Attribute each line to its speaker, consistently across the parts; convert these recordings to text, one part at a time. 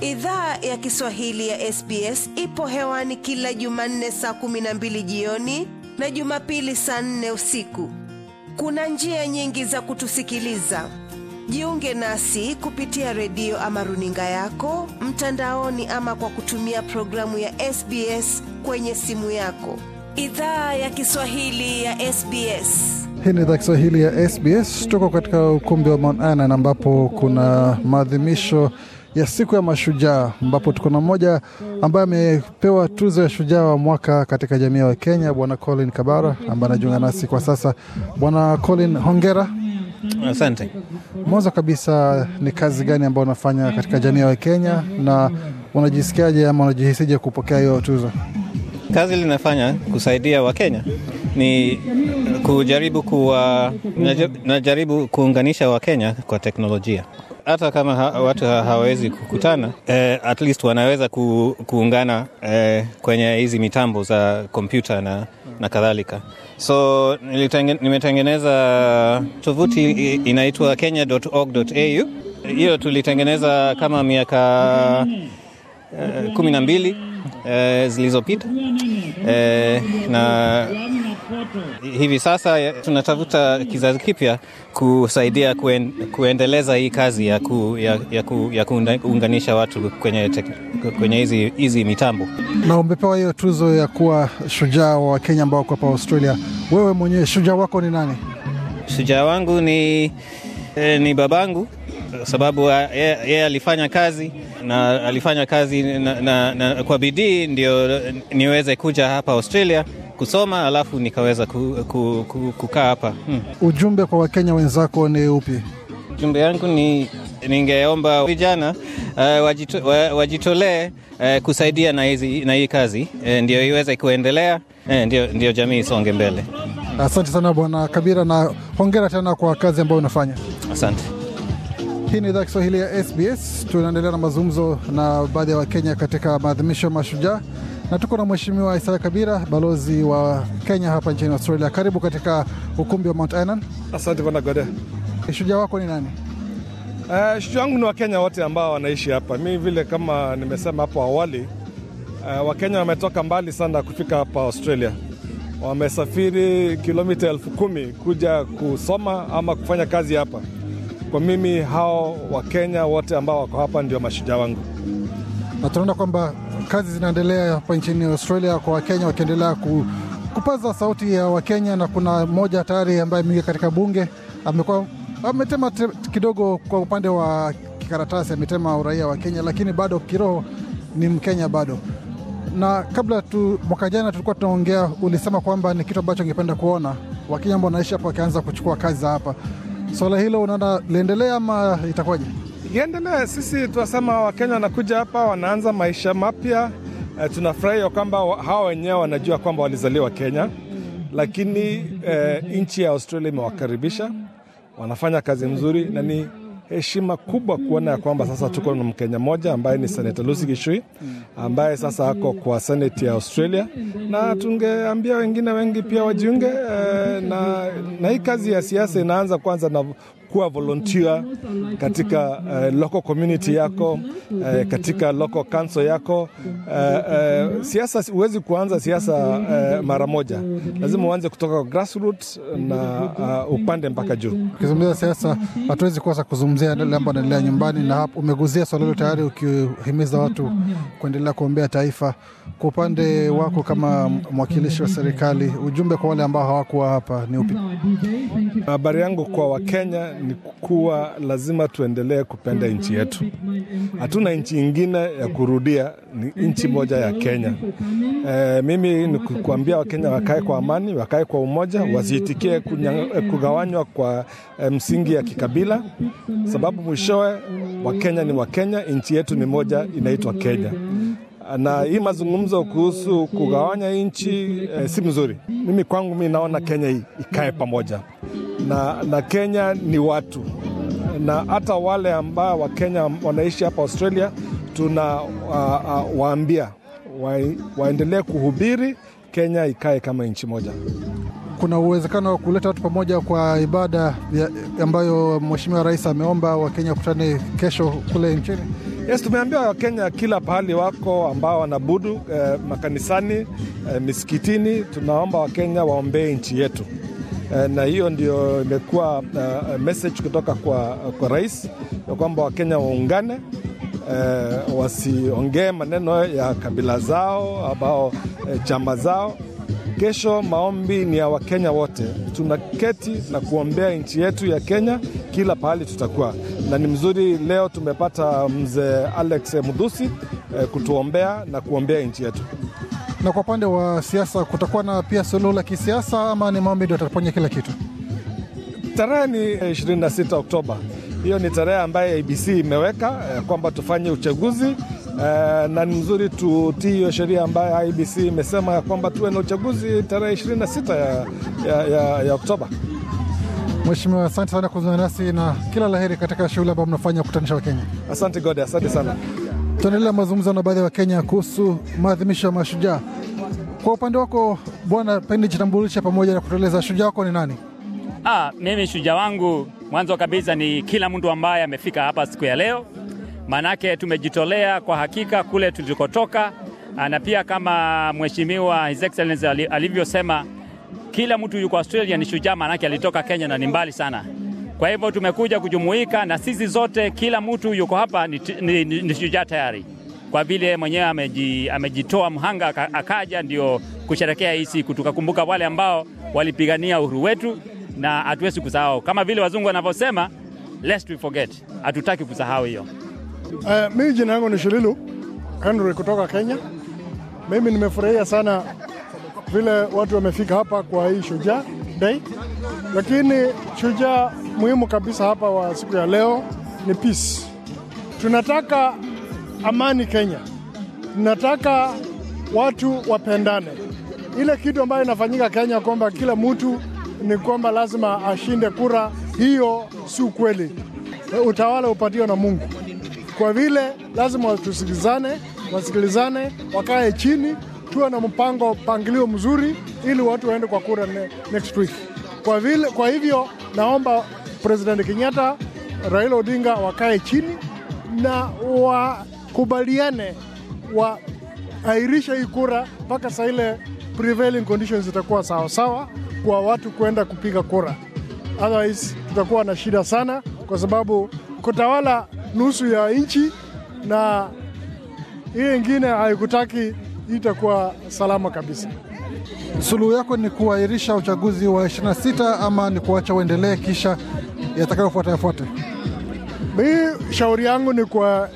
Speaker 1: Idhaa ya Kiswahili ya SBS ipo hewani kila Jumanne saa kumi na mbili jioni na Jumapili saa nne usiku. Kuna njia nyingi za kutusikiliza. Jiunge nasi kupitia redio ama runinga yako mtandaoni, ama kwa kutumia programu ya SBS kwenye simu yako. Idhaa ya Kiswahili ya SBS.
Speaker 2: Hii ni idhaa Kiswahili ya SBS. Tuko katika ukumbi wa Mount Anna ambapo kuna maadhimisho ya siku ya mashujaa, ambapo tuko na mmoja ambaye amepewa tuzo ya shujaa wa mwaka katika jamii ya Kenya, Bwana Colin Kabara ambaye anajiunga nasi kwa sasa. Bwana Colin, hongera. Asante. Mwanzo kabisa, ni kazi gani ambayo unafanya katika jamii ya Kenya na unajisikiaje ama unajihisije kupokea hiyo tuzo?
Speaker 3: Kazi linafanya kusaidia Wakenya ni kujaribu kuwa, najaribu kuunganisha Wakenya kwa teknolojia hata kama ha, watu ha, hawawezi kukutana eh, at least wanaweza ku, kuungana eh, kwenye hizi mitambo za kompyuta na, na kadhalika so nilitenge, nimetengeneza tovuti inaitwa kenya.org.au hiyo tulitengeneza kama miaka mm-hmm Eh, kumi na mbili eh, zilizopita eh, na hivi sasa tunatafuta kizazi kipya kusaidia kuen, kuendeleza hii kazi ya, ku, ya, ya, ku, ya kuunganisha watu kwenye, tek, kwenye hizi, hizi mitambo.
Speaker 2: Na umepewa hiyo tuzo ya kuwa shujaa wa Wakenya ambao wako hapa Australia. Wewe mwenyewe shujaa wako ni nani?
Speaker 3: Shujaa wangu ni, eh, ni babangu sababu eh, eh, yeye alifanya kazi na alifanya kazi na, na, na, kwa bidii ndio niweze kuja hapa Australia kusoma alafu nikaweza ku, ku, ku, kukaa hapa hmm.
Speaker 2: Ujumbe kwa Wakenya wenzako ni upi?
Speaker 3: Ujumbe yangu ni ningeomba vijana uh, wajito, wa, wajitolee uh, kusaidia na, hizi, na hii kazi uh, ndio iweze kuendelea uh, ndio, ndio jamii isonge mbele.
Speaker 2: Asante sana Bwana Kabira, na hongera tena kwa kazi ambayo unafanya. Asante. Hii ni idhaa Kiswahili ya SBS. Tunaendelea na mazungumzo na baadhi ya Wakenya katika maadhimisho ya Mashujaa, na tuko na Mheshimiwa Isaya Kabira, balozi wa Kenya hapa nchini Australia. Karibu katika ukumbi wa Mount inan Asante bwana Gode. Eh, shujaa wako ni nani?
Speaker 4: Uh, shujaa wangu ni Wakenya wote ambao wanaishi hapa. Mi vile kama nimesema hapo awali, uh, Wakenya wametoka mbali sana kufika hapa Australia wamesafiri kilomita elfu kumi kuja kusoma ama kufanya kazi hapa. Kwa mimi hao Wakenya wote ambao wako hapa ndio mashujaa wangu.
Speaker 2: Na tunaona kwamba kazi zinaendelea hapa nchini Australia kwa Wakenya wakiendelea ku, kupaza sauti ya Wakenya, na kuna mmoja tayari ambaye ameingia katika bunge, amekuwa ametema kidogo kwa upande wa kikaratasi, ametema uraia wa Kenya, lakini bado kiroho ni Mkenya bado. Na kabla tu, mwaka jana tulikuwa tunaongea, ulisema kwamba ni kitu ambacho ungependa kuona Wakenya ambao wanaishi hapa wakianza kuchukua kazi za hapa swala hilo unaona liendelea ama itakuwaje?
Speaker 4: Iendelee, Sisi tunasema Wakenya wanakuja hapa wanaanza maisha mapya. E, tunafurahi ya kwamba hawa wenyewe wanajua kwamba walizaliwa Kenya, lakini e, nchi ya Australia imewakaribisha, wanafanya kazi mzuri na ni heshima kubwa kuona ya kwamba sasa tuko na Mkenya mmoja ambaye ni Senata Lucy Kishui ambaye sasa ako kwa seneti ya Australia, na tungeambia wengine wengi pia wajiunge eh, na, na hii kazi ya siasa inaanza kwanza na kuwa volunteer katika uh, local community yako uh, katika local council yako uh, uh, siasa huwezi kuanza siasa uh, mara moja, lazima uanze kutoka grassroots na uh, upande mpaka juu. Ukizungumzia
Speaker 2: siasa, hatuwezi kosa kuzungumzia yale ambayo anaendelea nyumbani, na hapo umeguzia swala hilo tayari, ukihimiza watu kuendelea kuombea taifa kwa upande wako kama mwakilishi wa serikali, ujumbe kwa wale ambao hawakuwa hapa ni upi?
Speaker 4: Habari yangu kwa Wakenya ni kuwa lazima tuendelee kupenda nchi yetu. Hatuna nchi ingine ya kurudia, ni nchi moja ya Kenya. E, mimi ni kuambia Wakenya wakae kwa amani, wakae kwa umoja, wasiitikie kugawanywa kwa eh, msingi ya kikabila, sababu mwishowe Wakenya ni Wakenya, nchi yetu ni moja, inaitwa Kenya na hii mazungumzo kuhusu kugawanya nchi eh, si mzuri. Mimi kwangu mi naona Kenya ikae pamoja na, na Kenya ni watu na hata wale ambao Wakenya wanaishi hapa Australia tuna uh, uh, waambia wa, waendelee kuhubiri Kenya ikae kama nchi moja. Kuna uwezekano wa kuleta watu pamoja kwa
Speaker 2: ibada ya, ambayo Mheshimiwa Rais ameomba Wakenya wakutane kesho kule nchini.
Speaker 4: Yes, tumeambia Wakenya kila pahali wako ambao wanabudu eh, makanisani eh, misikitini. Tunaomba Wakenya waombee nchi yetu eh, na hiyo ndio imekuwa eh, message kutoka kwa, kwa rais ya kwamba Wakenya waungane eh, wasiongee maneno ya kabila zao ambao eh, chama zao. Kesho maombi ni ya Wakenya wote, tunaketi na kuombea nchi yetu ya Kenya kila pahali tutakuwa na ni mzuri leo tumepata mzee Alex Mudhusi eh, kutuombea na kuombea nchi yetu. Na kwa upande
Speaker 2: wa siasa, kutakuwa na pia suluhu la kisiasa ama ni maombi ndio ataponya kila kitu?
Speaker 4: Tarehe ni 26 eh, Oktoba, hiyo ni tarehe ambayo ABC imeweka eh, kwamba tufanye uchaguzi Uh, na ni mzuri tutii hiyo sheria ambayo IBC imesema kwamba tuwe na uchaguzi tarehe 26 ya, ya, ya, ya Oktoba.
Speaker 2: Mheshimiwa, asante sana kuzungumza nasi na kila laheri katika shughuli ambayo mnafanya kukutanisha Wakenya.
Speaker 4: Asante Gode, asante sana.
Speaker 2: Tunaendelea mazungumzo na baadhi ya Wakenya kuhusu maadhimisho ya Mashujaa. Kwa upande wako bwana, pendi jitambulishe pamoja na kutueleza shujaa wako ni nani?
Speaker 5: Ah, mimi shujaa wangu mwanzo kabisa ni kila mtu ambaye amefika hapa siku ya leo, maanake tumejitolea kwa hakika kule tulikotoka, ah, na pia kama mheshimiwa His Excellency alivyosema kila mtu yuko Australia ni shujaa, maanake alitoka Kenya na ni mbali sana. Kwa hivyo tumekuja kujumuika na sisi zote, kila mtu yuko hapa ni, ni, ni, ni shujaa tayari, kwa vile mwenyewe ameji, amejitoa mhanga akaja ndio kusherekea hii siku, tukakumbuka wale ambao walipigania uhuru wetu na hatuwezi kusahau, kama vile wazungu wanavyosema lest we forget, hatutaki kusahau hiyo.
Speaker 6: Uh, mimi jina langu ni Shililu Henry kutoka Kenya. Mimi nimefurahia sana vile watu wamefika hapa kwa hii Shujaa Day, lakini shujaa muhimu kabisa hapa wa siku ya leo ni peace. Tunataka amani Kenya, tunataka watu wapendane. Ile kitu ambayo inafanyika Kenya kwamba kila mtu ni kwamba lazima ashinde kura, hiyo si ukweli. Utawala upatiwa na Mungu. Kwa vile lazima tusikilizane, wasikilizane, wakae chini tuwe na mpango mpangilio mzuri ili watu waende kwa kura ne, next week. Kwa, vile, kwa hivyo naomba President Kenyatta, Raila Odinga wakae chini na wakubaliane airisha hii kura mpaka saa ile prevailing conditions zitakuwa sawasawa kwa watu kwenda kupiga kura, otherwise tutakuwa na shida sana, kwa sababu kutawala nusu ya nchi na hii ingine haikutaki itakuwa salama
Speaker 2: kabisa. Suluhu yako ni kuahirisha uchaguzi wa 26 ama ni kuacha uendelee kisha yatakayofuata yafuate? Mi shauri yangu ni kwa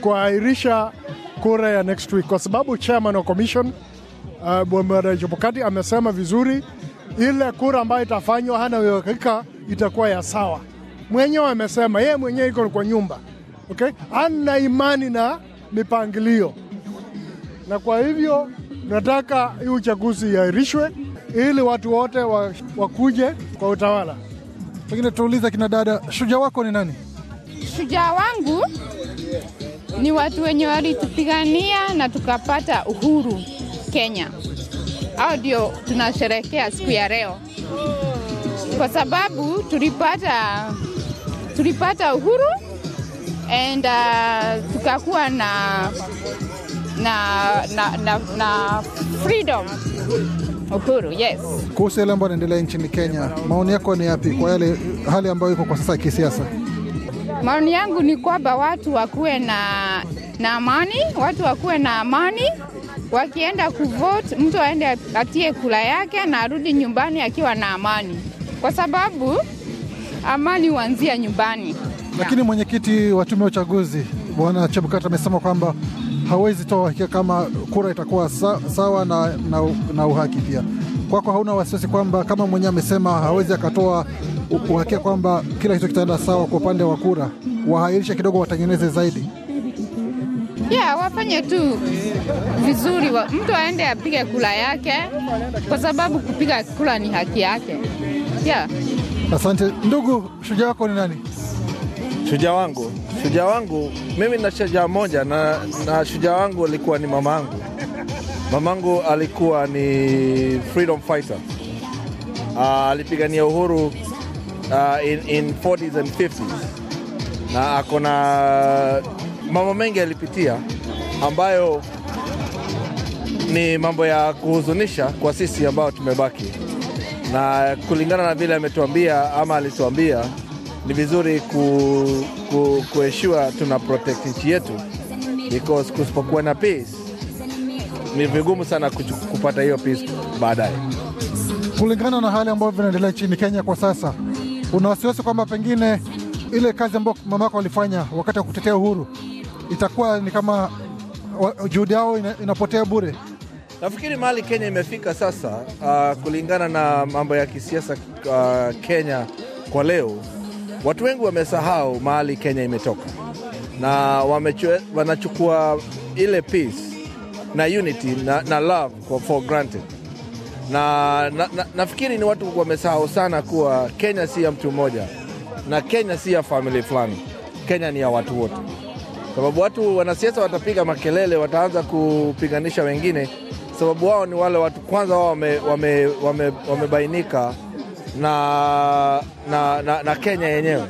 Speaker 6: kuahirisha kura ya next week, kwa sababu chairman wa commission uh, Bwana Chebukati amesema vizuri, ile kura ambayo itafanywa hana uhakika itakuwa ya sawa. Mwenyewe amesema yeye mwenyewe iko kwa nyumba okay? Ana imani na mipangilio na kwa hivyo nataka hii uchaguzi iahirishwe ili watu wote wakuje kwa utawala.
Speaker 1: Pengine
Speaker 2: tuuliza kina dada, shujaa wako ni nani?
Speaker 1: Shujaa wangu ni watu wenye walitupigania na tukapata uhuru Kenya. Hao ndio tunasherehekea siku ya leo, kwa sababu tulipata tulipata uhuru and uh, tukakuwa na na, na, na, na freedom uhuru yes.
Speaker 2: Kuhusu yale ambayo anaendelea nchini Kenya, maoni yako ni yapi kwa yale hali ambayo iko kwa sasa ya kisiasa?
Speaker 1: Maoni yangu ni kwamba watu wakuwe na na amani, watu wakuwe na amani wakienda kuvote, mtu aende atie kula yake na arudi nyumbani akiwa na amani, kwa sababu amani huanzia nyumbani.
Speaker 2: Lakini mwenyekiti wa tume ya uchaguzi Bwana Chebukati amesema kwamba hawezi toa uhakika kama kura itakuwa sawa na, na, na uhaki pia. Kwako kwa hauna wasiwasi kwamba kama mwenyewe amesema hawezi akatoa uhakika kwamba kila kitu kitaenda sawa kwa upande wa kura, wahairisha kidogo, watengeneze zaidi?
Speaker 1: Yeah, wafanye tu vizuri wa, mtu aende apige kula yake kwa sababu kupiga kula ni haki yake. Yeah.
Speaker 2: Asante. Ndugu, shujaa wako ni nani?
Speaker 7: Shujaa wangu Shujaa wangu mimi na shujaa moja na, na shujaa wangu alikuwa ni mamangu. Mamangu alikuwa ni freedom fighter. Uh, alipigania uhuru uh, in, in 40s and 50s na na mambo mengi alipitia ambayo ni mambo ya kuhuzunisha kwa sisi ambao tumebaki, na kulingana na vile ametuambia ama alituambia ni vizuri ku, ku, kueshua tuna protect nchi yetu, because kusipokuwa na peace ni vigumu sana kupata hiyo peace baadaye.
Speaker 2: Kulingana na hali ambayo vinaendelea nchini Kenya kwa sasa, una wasiwasi kwamba pengine ile kazi ambayo mamako walifanya wakati wa kutetea uhuru itakuwa ni kama juhudi yao inapotea bure?
Speaker 7: Nafikiri mahali Kenya imefika sasa, uh, kulingana na mambo ya kisiasa uh, Kenya kwa leo Watu wengi wamesahau mahali Kenya imetoka na wamechue, wanachukua ile peace na unity na, na love for granted na, na, na nafikiri ni watu wamesahau sana kuwa Kenya si ya mtu mmoja na Kenya si ya famili fulani. Kenya ni ya watu wote, sababu watu wanasiasa watapiga makelele, wataanza kupiganisha wengine, sababu wao ni wale watu kwanza, wao wamebainika wame, wame, wame na, na, na, na Kenya yenyewe,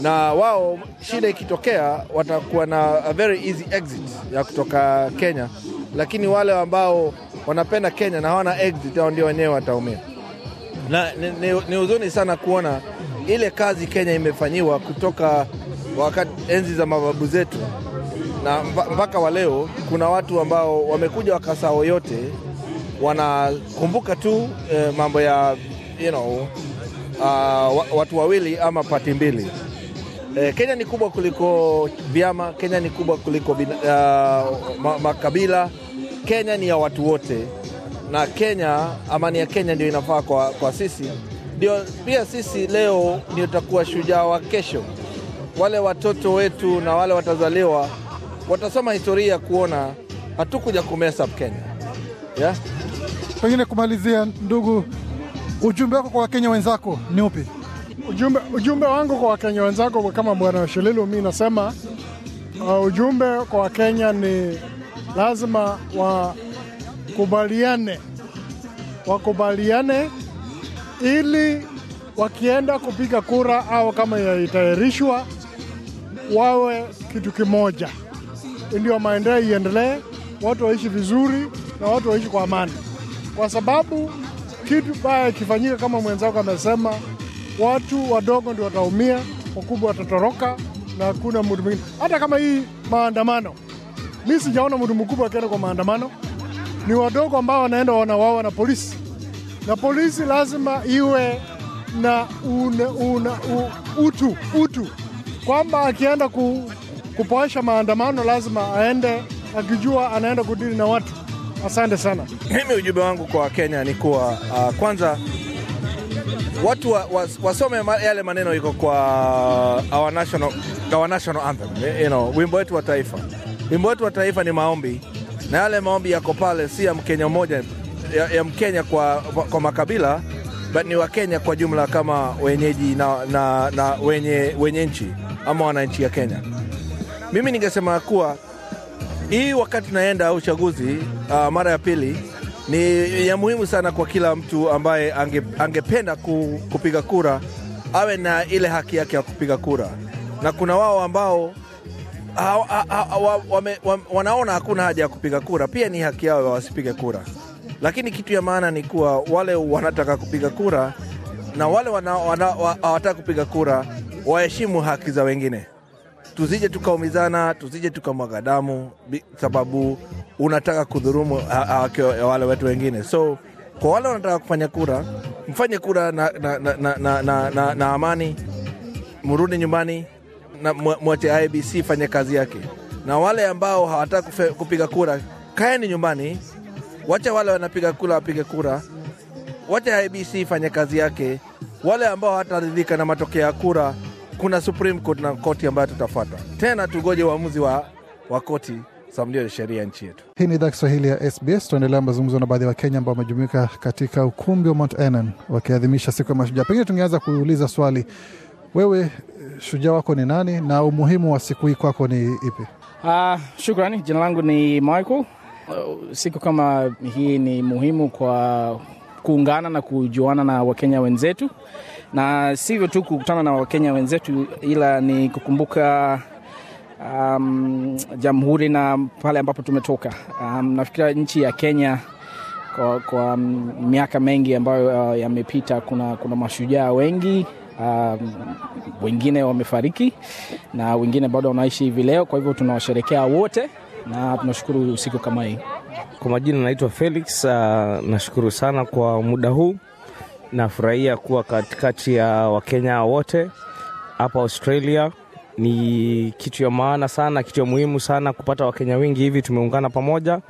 Speaker 7: na wao shida ikitokea watakuwa na a very easy exit ya kutoka Kenya, lakini wale ambao wanapenda Kenya na hawana exit, hao ndio wenyewe wataumia. Na ni, ni, ni huzuni sana kuona ile kazi Kenya imefanyiwa kutoka wakati enzi za mababu zetu na mpaka wa leo. Kuna watu ambao wamekuja wakasao yote wanakumbuka tu eh, mambo ya you know, uh, watu wawili ama pati mbili. Eh, Kenya ni kubwa kuliko vyama. Kenya ni kubwa kuliko bin, uh, ma, makabila. Kenya ni ya watu wote, na Kenya, amani ya Kenya ndio inafaa kwa, kwa sisi. Ndio pia sisi leo ndio tutakuwa shujaa wa kesho. Wale watoto wetu na wale watazaliwa watasoma historia kuona hatukuja kumesa Kenya, yeah? Pengine
Speaker 2: kumalizia, ndugu Ujumbe wako kwa wakenya wenzako ni upi?
Speaker 6: Ujumbe, ujumbe wangu kwa wakenya wenzako kama bwana Shililu, mi nasema uh, ujumbe kwa wakenya ni lazima wakubaliane, wakubaliane ili wakienda kupiga kura au kama yaitayarishwa wawe kitu kimoja, ndio maendeleo iendelee, watu waishi vizuri na watu waishi kwa amani, kwa sababu kitu baya ikifanyika kama mwenzako amesema, watu wadogo ndio wataumia, wakubwa watatoroka na hakuna mtu mwingine. Hata kama hii maandamano, mi sijaona mtu mkubwa akienda kwa maandamano, ni wadogo ambao wanaenda wanawawa na polisi, na polisi lazima iwe na una, una, u, utu utu kwamba akienda ku, kupoesha maandamano lazima aende akijua anaenda kudili na watu Asante sana.
Speaker 7: Mimi ujumbe wangu kwa Wakenya ni kuwa uh, kwanza watu wa, wa, wasome yale maneno iko kwa uh, our national, our national anthem, you know, wimbo wetu wa taifa. Wimbo wetu wa taifa ni maombi, na yale maombi yako pale si ya Mkenya mmoja ya, ya Mkenya kwa, kwa makabila but ni Wakenya kwa jumla kama wenyeji na, na, na wenye, wenye nchi ama wananchi ya Kenya. Mimi ningesema kuwa hii wakati naenda uchaguzi uh, mara ya pili ni ya muhimu sana kwa kila mtu ambaye ange, angependa ku, kupiga kura awe na ile haki yake ya kupiga kura, na kuna wao ambao ha, ha, ha, wa, wame, wa, wanaona hakuna haja ya kupiga kura. Pia ni haki yao wasipige kura, lakini kitu ya maana ni kuwa wale wanataka kupiga kura na wale hawataka kupiga kura waheshimu haki za wengine tusije tukaumizana, tusije tukamwaga damu, sababu unataka kudhurumu wale watu wengine. So kwa wale wanataka kufanya kura, mfanye kura na, na, na, na, na, na, na, amani, mrudi nyumbani na mwache IBC fanye kazi yake, na wale ambao hawataka kupiga kura, kaeni nyumbani, wacha wale wanapiga kura wapige kura, wacha IBC fanye kazi yake. Wale ambao hawataridhika na matokeo ya kura kuna Supreme Court na koti ambayo tutafuata tena, tugoje uamuzi wa, wa koti za sheria nchi yetu.
Speaker 2: Hii ni idhaa Kiswahili ya SBS. Tunaendelea mazungumzo na baadhi ya Wakenya ambao wamejumuika katika ukumbi wa Mount Annan wakiadhimisha siku ya Mashujaa. Pengine tungeanza kuuliza swali, wewe shujaa wako ni nani na umuhimu wa siku hii kwako ni ipi?
Speaker 5: Uh, shukrani. Jina langu ni Michael. Uh, siku kama hii ni muhimu kwa kuungana na kujuana na Wakenya wenzetu na sivyo tu kukutana na Wakenya wenzetu, ila ni kukumbuka um, jamhuri na pale ambapo tumetoka. Um, nafikira nchi ya Kenya kwa, kwa um, miaka mengi ambayo uh, yamepita, kuna, kuna mashujaa wengi uh, wengine wamefariki na wengine bado wanaishi hivi leo. Kwa hivyo tunawasherekea wote na tunashukuru usiku kama hii. Kwa majina naitwa Felix. Uh, nashukuru sana kwa muda huu. Nafurahia kuwa katikati ya Wakenya wote hapa Australia. Ni kitu ya maana sana, kitu ya muhimu sana kupata Wakenya wengi hivi tumeungana pamoja,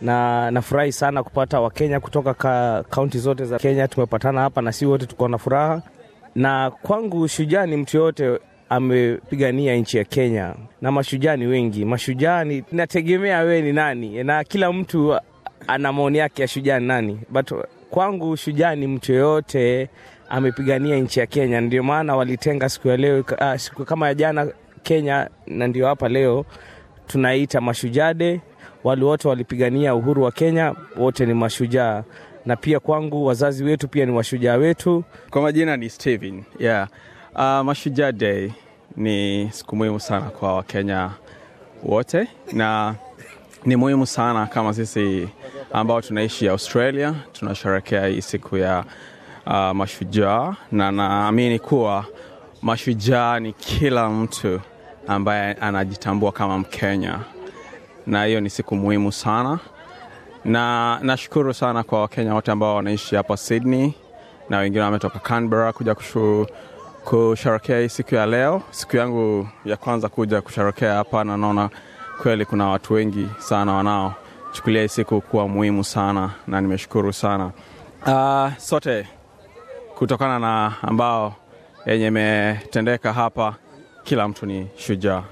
Speaker 5: na nafurahi sana kupata Wakenya kutoka kaunti zote za Kenya. Tumepatana hapa na si wote tuko na furaha, na kwangu shujaa ni mtu yoyote amepigania nchi ya Kenya na mashujani wengi. Mashujani nategemea wewe ni nani, na kila mtu ana maoni yake ya shujaa nani, but kwangu shujaa ni mtu yoyote amepigania nchi ya Kenya. Ndio maana walitenga siku ya leo, uh, siku kama ya jana Kenya, na ndio hapa leo tunaita Mashujaa Wale wote walipigania uhuru wa Kenya wote ni mashujaa, na pia kwangu wazazi wetu pia ni washujaa wetu. Kwa majina ni Steven. Yeah. Uh, ah, Mashujaa Day ni siku muhimu sana kwa Wakenya wote na ni muhimu sana kama sisi ambao tunaishi Australia, tunasherekea hii siku ya uh, mashujaa, na naamini kuwa mashujaa ni kila mtu ambaye anajitambua kama Mkenya, na hiyo ni siku muhimu sana, na nashukuru sana kwa Wakenya wote ambao wanaishi hapa Sydney na wengine wametoka Canberra kuja kushu, kusherekea hii siku ya leo, siku yangu ya kwanza kuja kusherekea hapa, na naona kweli kuna watu wengi sana wanao nimechukulia hii siku kuwa muhimu sana na nimeshukuru sana uh, sote kutokana na ambao yenye imetendeka hapa. Kila mtu ni shujaa.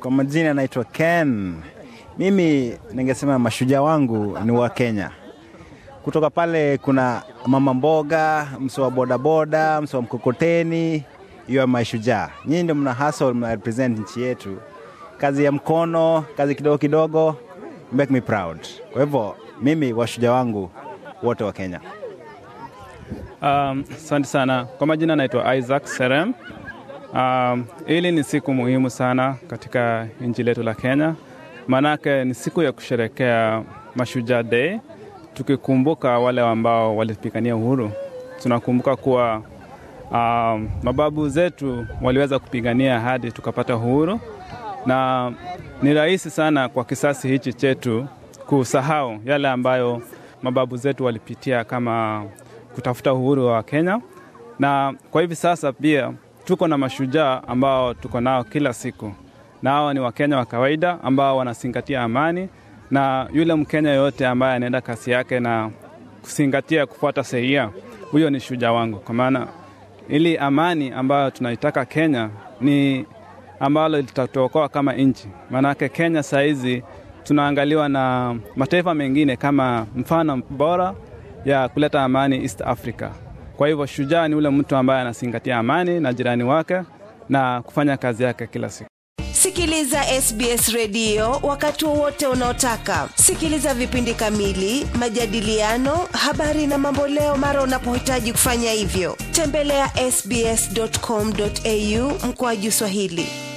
Speaker 5: Kwa majina
Speaker 3: anaitwa Ken. Mimi ningesema mashujaa wangu ni wa Kenya. Kutoka pale kuna mama mboga, msee wa bodaboda, mso wa mkokoteni, hiyo mashujaa. Nyinyi ndio mna hustle, mna represent nchi yetu, kazi ya mkono, kazi kidogo kidogo make me proud. Kwa hivyo mimi washuja wangu wote wa Kenya.
Speaker 5: Um, asante um, sana. Kwa majina naitwa Isaac Serem. Um, ili ni siku muhimu sana katika nchi letu la Kenya, maanake ni siku ya kusherekea Mashujaa Day, tukikumbuka wale ambao walipigania uhuru. Tunakumbuka kuwa um, mababu zetu waliweza kupigania hadi tukapata uhuru na ni rahisi sana kwa kisasi hichi chetu kusahau yale ambayo mababu zetu walipitia kama kutafuta uhuru wa Kenya, na kwa hivi sasa pia tuko na mashujaa ambao tuko nao kila siku, na hawa ni Wakenya wa kawaida ambao wanazingatia amani, na yule Mkenya yoyote ambaye anaenda kasi yake na kuzingatia kufuata sheria, huyo ni shujaa wangu, kwa maana ili amani ambayo tunaitaka Kenya ni ambalo litatuokoa kama nchi. Maanake Kenya saa hizi tunaangaliwa na mataifa mengine kama mfano bora ya kuleta amani East Africa. Kwa hivyo shujaa ni ule mtu ambaye anazingatia amani na jirani wake na kufanya kazi yake kila siku.
Speaker 1: Sikiliza SBS redio wakati wowote unaotaka. Sikiliza vipindi kamili, majadiliano, habari na mamboleo mara unapohitaji kufanya hivyo. Tembelea ya sbs.com.au mkoaju Swahili.